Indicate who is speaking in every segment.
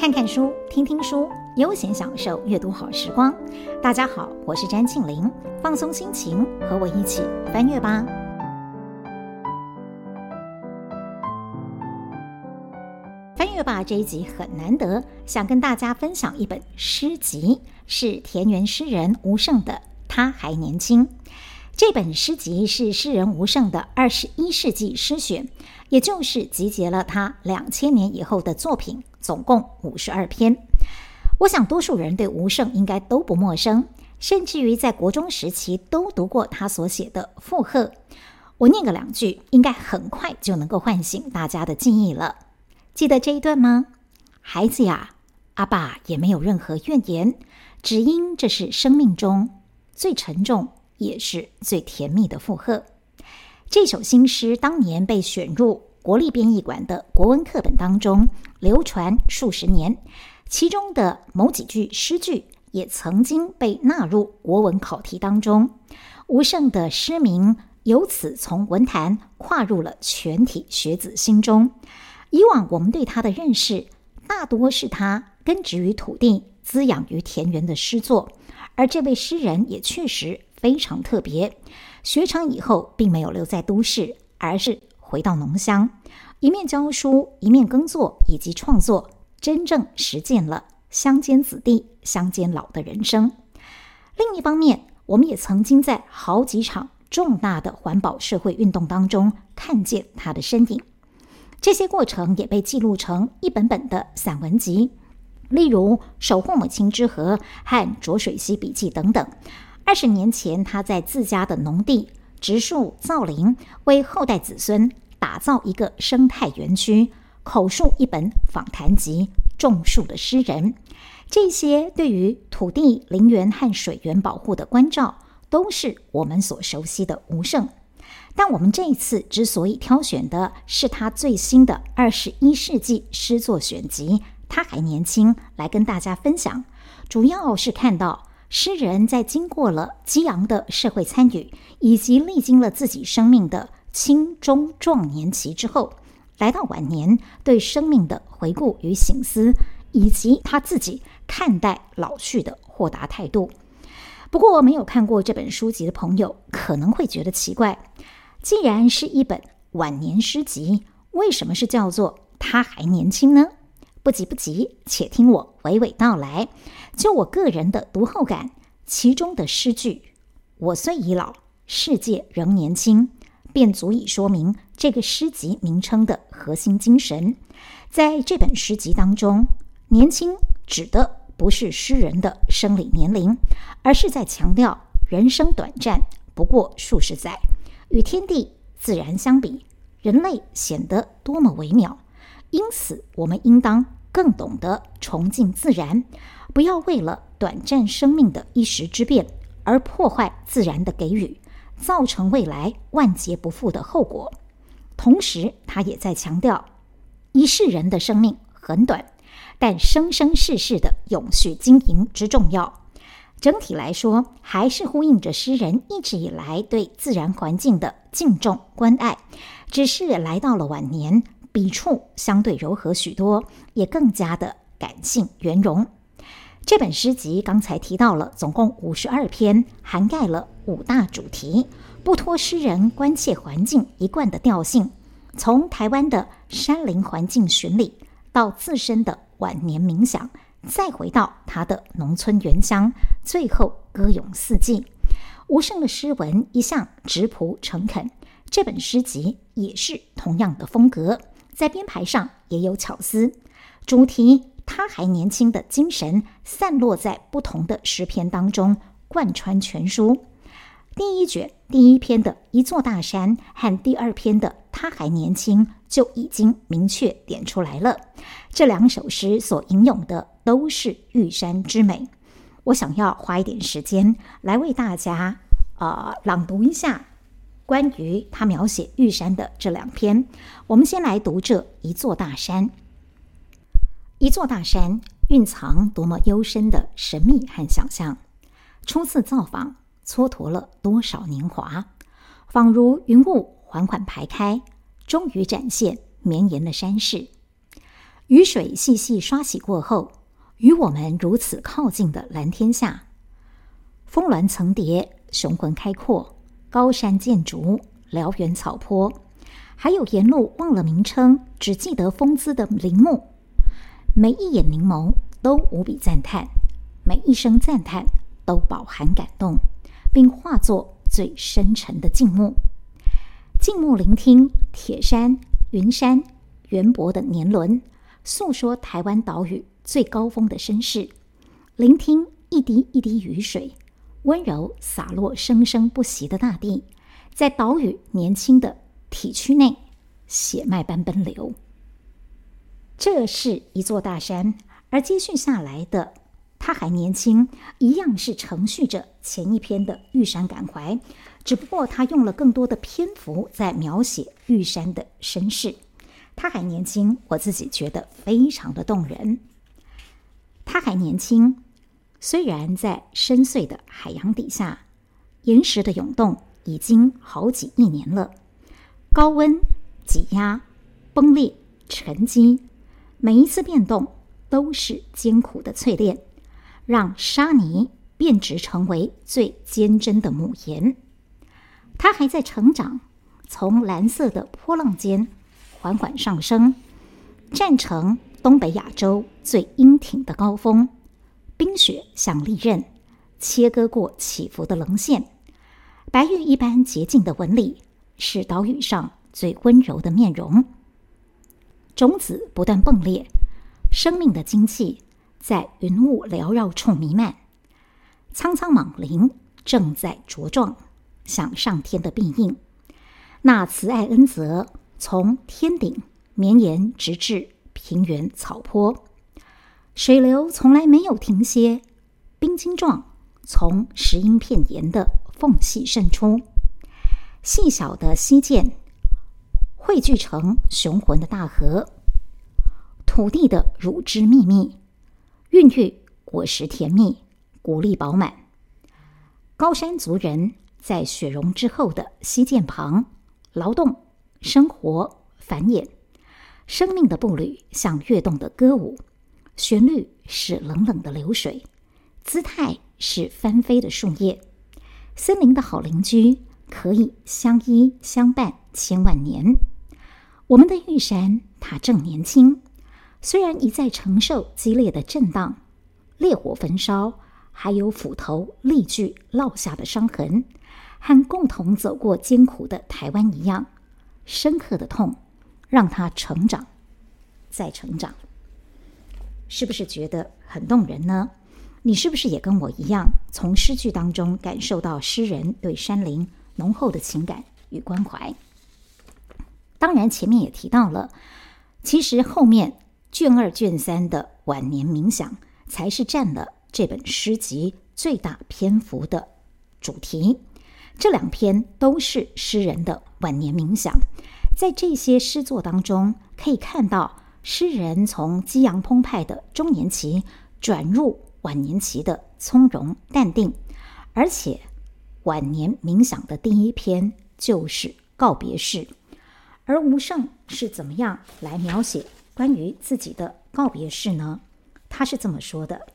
Speaker 1: 看看書，聽聽書，悠閒享受閱讀好時光。大家好，我是詹慶林，放鬆心情，和我一起翻閱吧。翻閱吧，這一集很難得，想跟大家分享一本詩集，是田園詩人吳晟的，他還年輕。這本詩集是詩人吳晟的二十一世紀詩選，也就是集結了他兩千年以後的作品，總共五十二篇。我想，多數人對吳晟應該都不陌生，甚至於在國中時期都讀過他所寫的《負荷》。我念個兩句，應該很快就能夠喚醒大家的記憶了。記得這一段嗎？孩子呀，阿爸也沒有任何怨言，只因這是生命中最沉重，也是最甜蜜的負荷。這首新詩當年被選入國立編譯館的國文課本當中，流傳數十年。其中的某幾句詩句也曾經被納入國文考題當中。吳晟的詩名由此從文壇跨入了全體學子心中。以往我們對他的認識，大多是他根植於土地、滋養於田園的詩作，而這位詩人也確實。非常特別，學成以後並沒有留在都市，而是回到農鄉，一面教書，一面耕作以及創作，真正實踐了鄉間子弟、鄉間老的人生。另一方面，我們也曾經在好幾場重大的環保社會運動當中看見他的身影，這些過程也被記錄成一本本的散文集，例如《守護母親之河》和《濁水溪筆記》等等。二十年前，他在自家的農地植樹造林，為後代子孫打造一個生態園區，口述一本訪談集《種樹的詩人》。這些對於土地、林園和水源保護的關照，都是我們所熟悉的吳晟。但我們這一次之所以挑選的是他最新的《二十一世紀詩作選集》，他還年輕，來跟大家分享，主要是看到，詩人在經過了激昂的社會參與，以及歷經了自己生命的青中壯年期之後，來到晚年對生命的回顧與省思，以及他自己看待老去的豁達態度。不過，沒有看過這本書籍的朋友可能會覺得奇怪：既然是一本晚年詩集，為什麼是叫做《他還年輕》呢？不急不急，且聽我娓娓道來。就我個人的讀後感，其中的詩句“我雖已老，世界仍年輕”，便足以說明這個詩集名稱的核心精神。在這本詩集當中，“年輕”指的不是詩人的生理年齡，而是在強調人生短暫，不過數十載，與天地自然相比，人類顯得多麼微渺。因此，我們應當更懂得崇敬自然，不要為了短暫生命的一時之變而破壞自然的給予，造成未來萬劫不復的後果。同時，他也在強調，一世人的生命很短，但生生世世的永續經營之重要。整體來說，還是呼應着詩人一直以來對自然環境的敬重關愛，只是來到了晚年，筆觸相對柔和許多，也更加的感性圓融。這本詩集剛才提到了，總共五十二篇，涵蓋了五大主題。不脫詩人關切環境一貫的調性，從台灣的山林環境巡禮，到自身的晚年冥想，再回到他的農村原鄉，最後歌詠四季。吳晟的詩文一向質樸誠懇，這本詩集也是同樣的風格。在編排上也有巧思，主題“他還年輕”的精神散落在不同的詩篇當中，貫穿全書。第一卷第一篇的一座大山和第二篇的“他還年輕”就已經明確點出來了。這兩首詩所吟詠的都是玉山之美。我想要花一點時間來為大家，呃，朗讀一下。關於他描寫玉山的這兩篇，我們先來讀這一座大山。一座大山，蘊藏多麼幽深的神秘和想象！初次造訪，蹉跎了多少年華？仿如雲霧緩緩排開，終於展現綿延的山勢。雨水細細刷洗過後，與我們如此靠近的藍天下，峰巒層疊，雄渾開闊。高山箭竹、遼原草坡，還有沿路忘了名稱，只記得風姿的林木，每一眼凝眸都無比讚歎，每一聲讚歎都飽含感動，並化作最深沉的靜默。靜默聆聽鐵山、雲山、圓柏的年輪，訴說台灣島嶼最高峰的身世；聆聽一滴一滴雨水。溫柔灑落，生生不息的大地，在島嶼年輕的體軀內，血脈般奔流。這是一座大山，而接續下來的，他還年輕，一樣是承續着前一篇的玉山感懷，只不過他用了更多的篇幅在描寫玉山的身世。他還年輕，我自己覺得非常的動人。他還年輕。雖然在深邃的海洋底下，岩石的湧動已經好幾億年了，高溫、擠壓、崩裂、沉積，每一次變動都是艱苦的淬煉，讓沙泥變質成為最堅貞的母岩。它還在成長，從藍色的波浪間緩緩上升，站成東北亞洲最英挺的高峰。冰雪像利刃，切割過起伏的稜線；白玉一般潔淨的紋理，是島嶼上最溫柔的面容。種子不斷迸裂，生命的精氣在雲霧繚繞處彌漫。蒼蒼莽林正在茁壯，像上天的庇蔭。那慈愛恩澤從天頂綿延，直至平原草坡。水流從來沒有停歇，冰晶狀從石英片岩的縫隙滲出，細小的溪澗匯聚成雄渾的大河。土地的乳汁秘密孕育果實，甜蜜穀粒飽滿。高山族人在雪融之後的溪澗旁勞動、生活、繁衍，生命的步履像躍動的歌舞。旋律是冷冷的流水，姿態是翻飛的樹葉。森林的好鄰居可以相依相伴千萬年。我們的玉山它正年輕，雖然一再承受激烈的震盪、烈火焚燒，還有斧頭、利鋸落下的傷痕，和共同走過艱苦的台灣一樣，深刻的痛，讓它成長，再成長。是不是覺得很動人呢？你是不是也跟我一樣，從詩句當中感受到詩人對山林濃厚的情感與關懷？當然，前面也提到了，其實後面卷二、卷三的晚年冥想才是佔了這本詩集最大篇幅的主題。這兩篇都是詩人的晚年冥想，在這些詩作當中可以看到。詩人從激昂澎湃的中年期轉入晚年期的從容淡定，而且晚年冥想的第一篇就是告別式，而吳晟是怎麼樣來描寫關於自己的告別式呢？他是這麼說的：“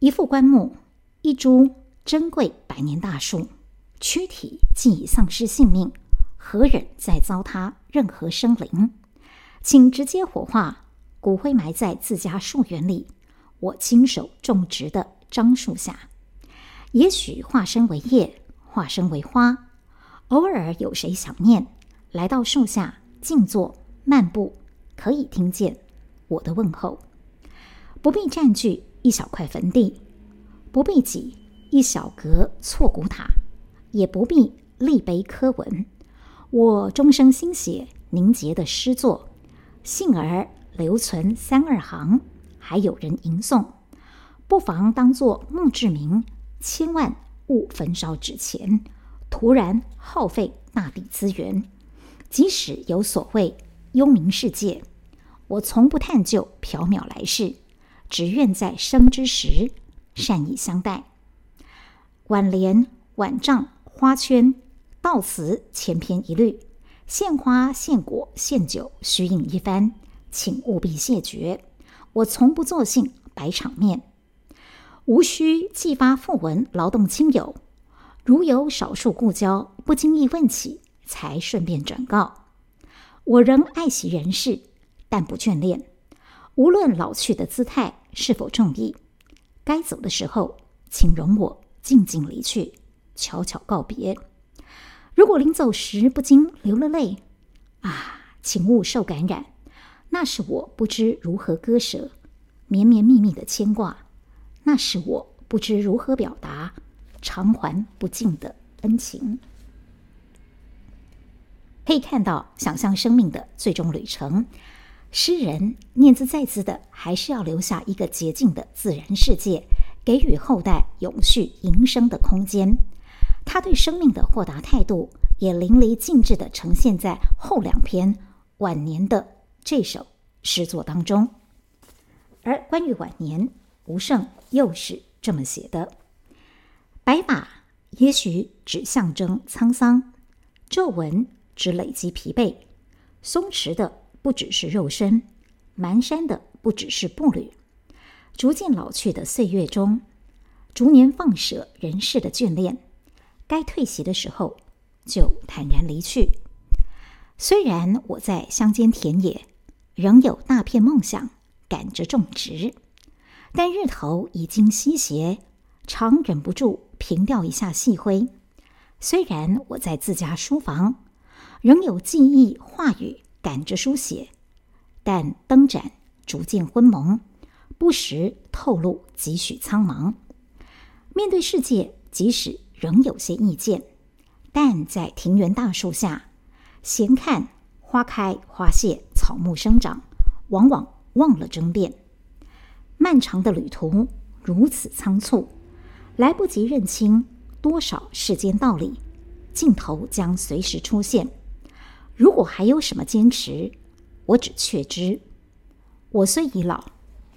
Speaker 1: 一副棺木，一株珍貴百年大樹，軀體既已喪失性命，何忍再糟蹋任何生靈？”請直接火化，骨灰埋在自家樹園裡，我親手種植的樟樹下。也許化身為葉，化身為花，偶爾有誰想念，來到樹下靜坐、漫步，可以聽見我的問候。不必佔據一小塊墳地，不必擠一小格厝骨塔，也不必立碑刻文。我終生心血凝結的詩作。幸而留存三二行，還有人吟誦，不妨當做墓誌銘，千萬勿焚燒紙錢，徒然耗費大地資源。即使有所謂幽冥世界，我從不探究縹緲來世，只願在生之時善意相待。挽聯、輓幛、花圈、悼詞千篇一律。獻花、獻果、獻酒，虛應一番，請務必謝絕。我從不作興擺場面，無需寄發訃文，勞動親友。如有少數故交不經意問起，才順便轉告。我仍愛惜人世，但不眷戀。無論老去的姿態是否中意，該走的時候，請容我靜靜離去，悄悄告別。如果臨走時不禁流了淚，啊，請勿受感染，那是我不知如何割捨綿綿密密的牽掛，那是我不知如何表達償還不盡的恩情。可以看到，想象生命的最終旅程，詩人念茲在茲的，還是要留下一個潔淨的自然世界，給予後代永續營生的空間。他對生命的豁達態度，也淋漓盡致地呈現在後兩篇晚年的這首詩作當中。而關於晚年，吳晟又是這麼寫的：“白馬也許只象徵滄桑，皺紋只累積疲憊，鬆弛的不只是肉身，蹣跚的不只是步履。逐漸老去的歲月中，逐年放捨人世的眷戀。”該退席的時候，就坦然離去。雖然我在鄉間田野，仍有大片夢想趕着種植，但日頭已經西斜，常忍不住憑弔一下夕暉。雖然我在自家書房，仍有記憶話語趕着書寫，但燈盞逐漸昏濛，不時透露幾許蒼茫。面對世界，即使……仍有些意見，但在庭園大樹下，閒看花開花謝，草木生長，往往忘了爭辯。漫長的旅途如此倉促，來不及認清多少世間道理。盡頭將隨時出現。如果還有什麼堅持，我只確知：我雖已老，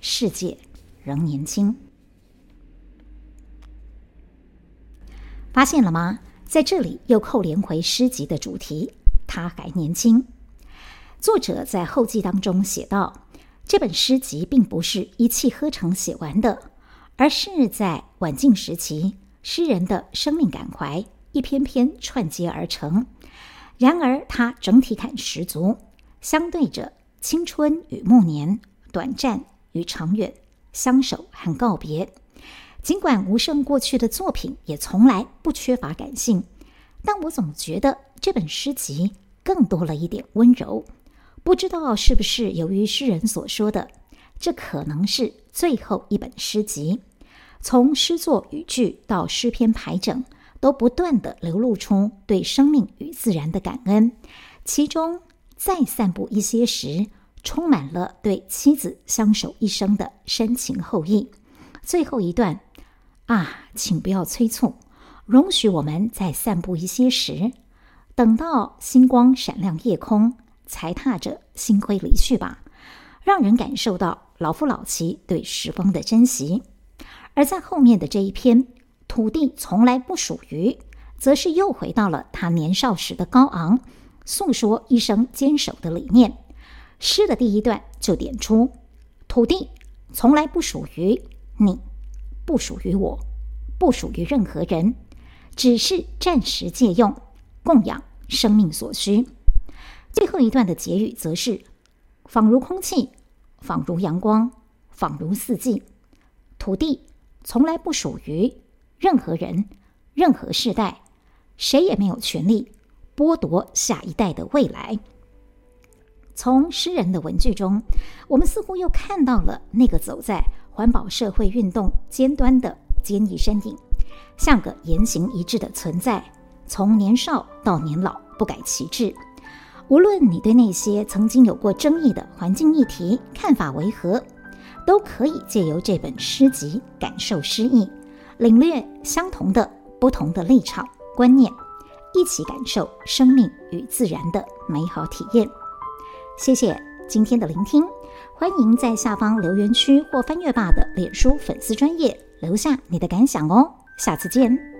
Speaker 1: 世界仍年輕。發現了嗎？在這裡又扣連回詩集的主題。他還年輕。作者在後記當中寫道，這本詩集並不是一氣呵成寫完的，而是在晚近時期詩人的生命感懷一篇篇串接而成。然而，它整體感十足，相對着青春與暮年，短暫與長遠，相守和告別。儘管吳晟過去的作品也從來不缺乏感性，但我總覺得這本詩集更多了一點溫柔。不知道是不是由於詩人所說的，這可能是最後一本詩集。從詩作語句到詩篇排整，都不斷地流露出對生命與自然的感恩。其中再散布一些詩，充滿了對妻子相守一生的深情厚意。最後一段。啊，請不要催促，容許我們再散步一些時，等到星光閃亮夜空，才踏着星輝離去吧，讓人感受到老夫老妻對時光的珍惜。而在後面的這一篇《土地從來不屬於》，則是又回到了他年少時的高昂，訴說一生堅守的理念。詩的第一段就點出：土地從來不屬於你。不屬於我，不屬於任何人，只是暫時借用，供養生命所需。最後一段的結語則是：仿如空氣，仿如陽光，仿如四季，土地從來不屬於任何人、任何世代，誰也沒有權利剝奪下一代的未來。從詩人的文句中，我們似乎又看到了那個走在環保社會運動尖端的堅毅身影，像個言行一致的存在，從年少到年老不改其志，無論你對那些曾經有過爭議的環境議題看法為何，都可以借由這本詩集感受詩意，領略相同的不同的立場觀念，一起感受生命與自然的美好體驗。謝謝今天的聆聽。歡迎在下方留言區或翻閱 BAR 的臉書粉絲專頁留下你的感想哦，下次見。